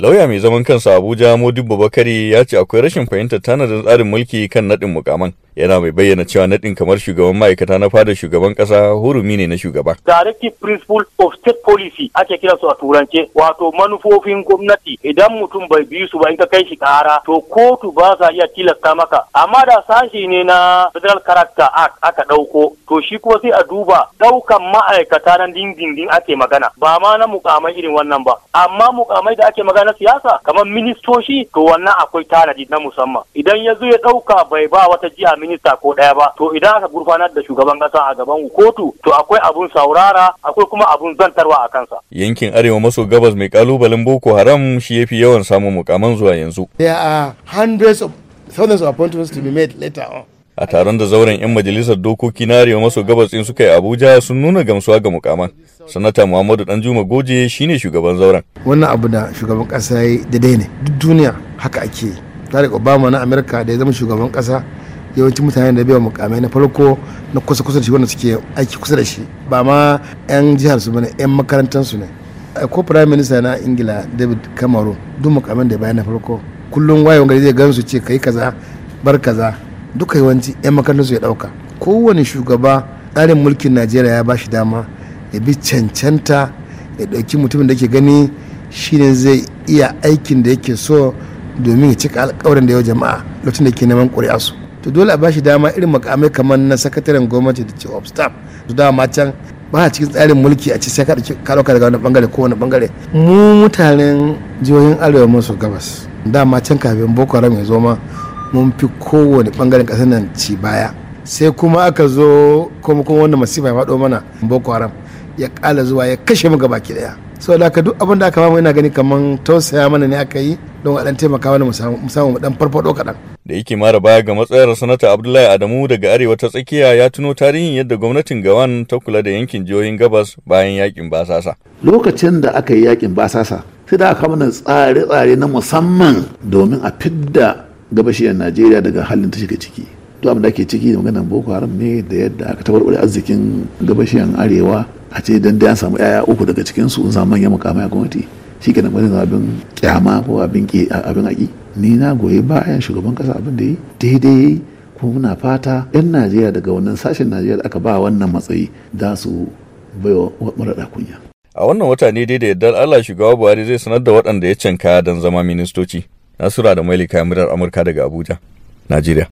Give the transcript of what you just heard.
Lauya mai zaman kansa Abuja Modibo Bakari ya ce akwai rashin fahimtar tanadin tsarin mulki kan naɗin mukaman. yana mai bayyana cewa naɗin kamar shugaban ma'aikata na fadar shugaban ƙasa hurumi ne na shugaba. Directive principle of state policy ake kira su a turance wato manufofin gwamnati idan mutum bai bi su ba in ka kai shi ƙara to kotu ba sa iya tilasta maka amma da sashi ne na federal character act aka ɗauko to shi kuma sai a duba ɗaukan ma'aikata na dindindin ake magana ba ma na mukamai irin wannan ba amma mukamai da ake magana siyasa kamar ministoci to wannan akwai tanadi na musamman idan ya zo ya ɗauka bai ba wata jiya minista ko ɗaya ba to idan aka gurfanar da shugaban kasa a gaban kotu to akwai abun saurara akwai kuma abun zantarwa a kansa yankin arewa maso gabas mai kalubalen boko haram shi yafi yawan samun mukaman zuwa yanzu there are hundreds of thousands of appointments to be made later on a taron da zauren 'yan majalisar dokoki na arewa maso gabas din suka yi abuja sun nuna gamsuwa ga mukaman sanata muhammadu danjuma goje shine shugaban zauren wannan abu da shugaban kasa ya yi daidai ne duk duniya haka ake tarik obama na amerika da ya zama shugaban kasa yawancin mutane da bai mukamai na farko na kusa kusa da shi wanda suke aiki kusa da shi ba ma 'yan jihar su bane 'yan makarantar su ne eh, ko prime minister na ingila david cameron duk mukamin da bayan na farko kullum wayo gari zai gan su ce kai kaza bar kaza duka yawanci 'yan makarantar su ya dauka kowane shugaba tsarin mulkin najeriya ya bashi dama ya bi cancanta ya dauki mutumin da ke gani shi ne zai iya aikin da yake so domin ya cika alkawarin da yau jama'a lokacin da ke neman ƙuri'a su to dole a ba shi dama irin makamai kamar na sakataren gwamnati da chief of staff su dama can ba a cikin tsarin mulki a ci sai ka ɗauka daga wani bangare ko wani bangare mu mutanen jihohin arewa maso gabas dama can kafin boko haram ya zo ma mun fi kowane bangaren kasar nan ci baya sai kuma aka zo kuma kuma wanda masifa ya faɗo mana boko haram ya kala zuwa ya kashe mu gabaki daya so da duk abin da aka bamu ina gani kamar tausaya mana ne aka yi don a dan taimaka wani mu mu dan farfado kaɗan da yake mara baya ga matsayar sanata abdullahi adamu daga arewa ta tsakiya ya tuno tarihin yadda gwamnatin gawan ta kula da yankin jihohin gabas bayan yakin basasa lokacin da aka yi yakin basasa sai da aka mana tsare-tsare na musamman domin a fidda gabashiyar najeriya daga halin ta shiga ciki duk abin da ake ciki da maganar boko haram ne da yadda aka tabarbare arzikin gabashiyar arewa a ce dan da ya samu yaya uku daga cikin su in samu manyan mukamai a gwamnati shi kenan wani abin kyama ko abin abin aki ni na goyi bayan shugaban kasa abin da yi daidai yi ko muna fata 'yan najeriya daga wannan sashen najeriya da aka ba wannan matsayi za su baiwa maraɗa kunya a wannan wata ne dai da allah shugaba buhari zai sanar da waɗanda ya canka don zama ministoci nasura da mailika murar amurka daga abuja najeriya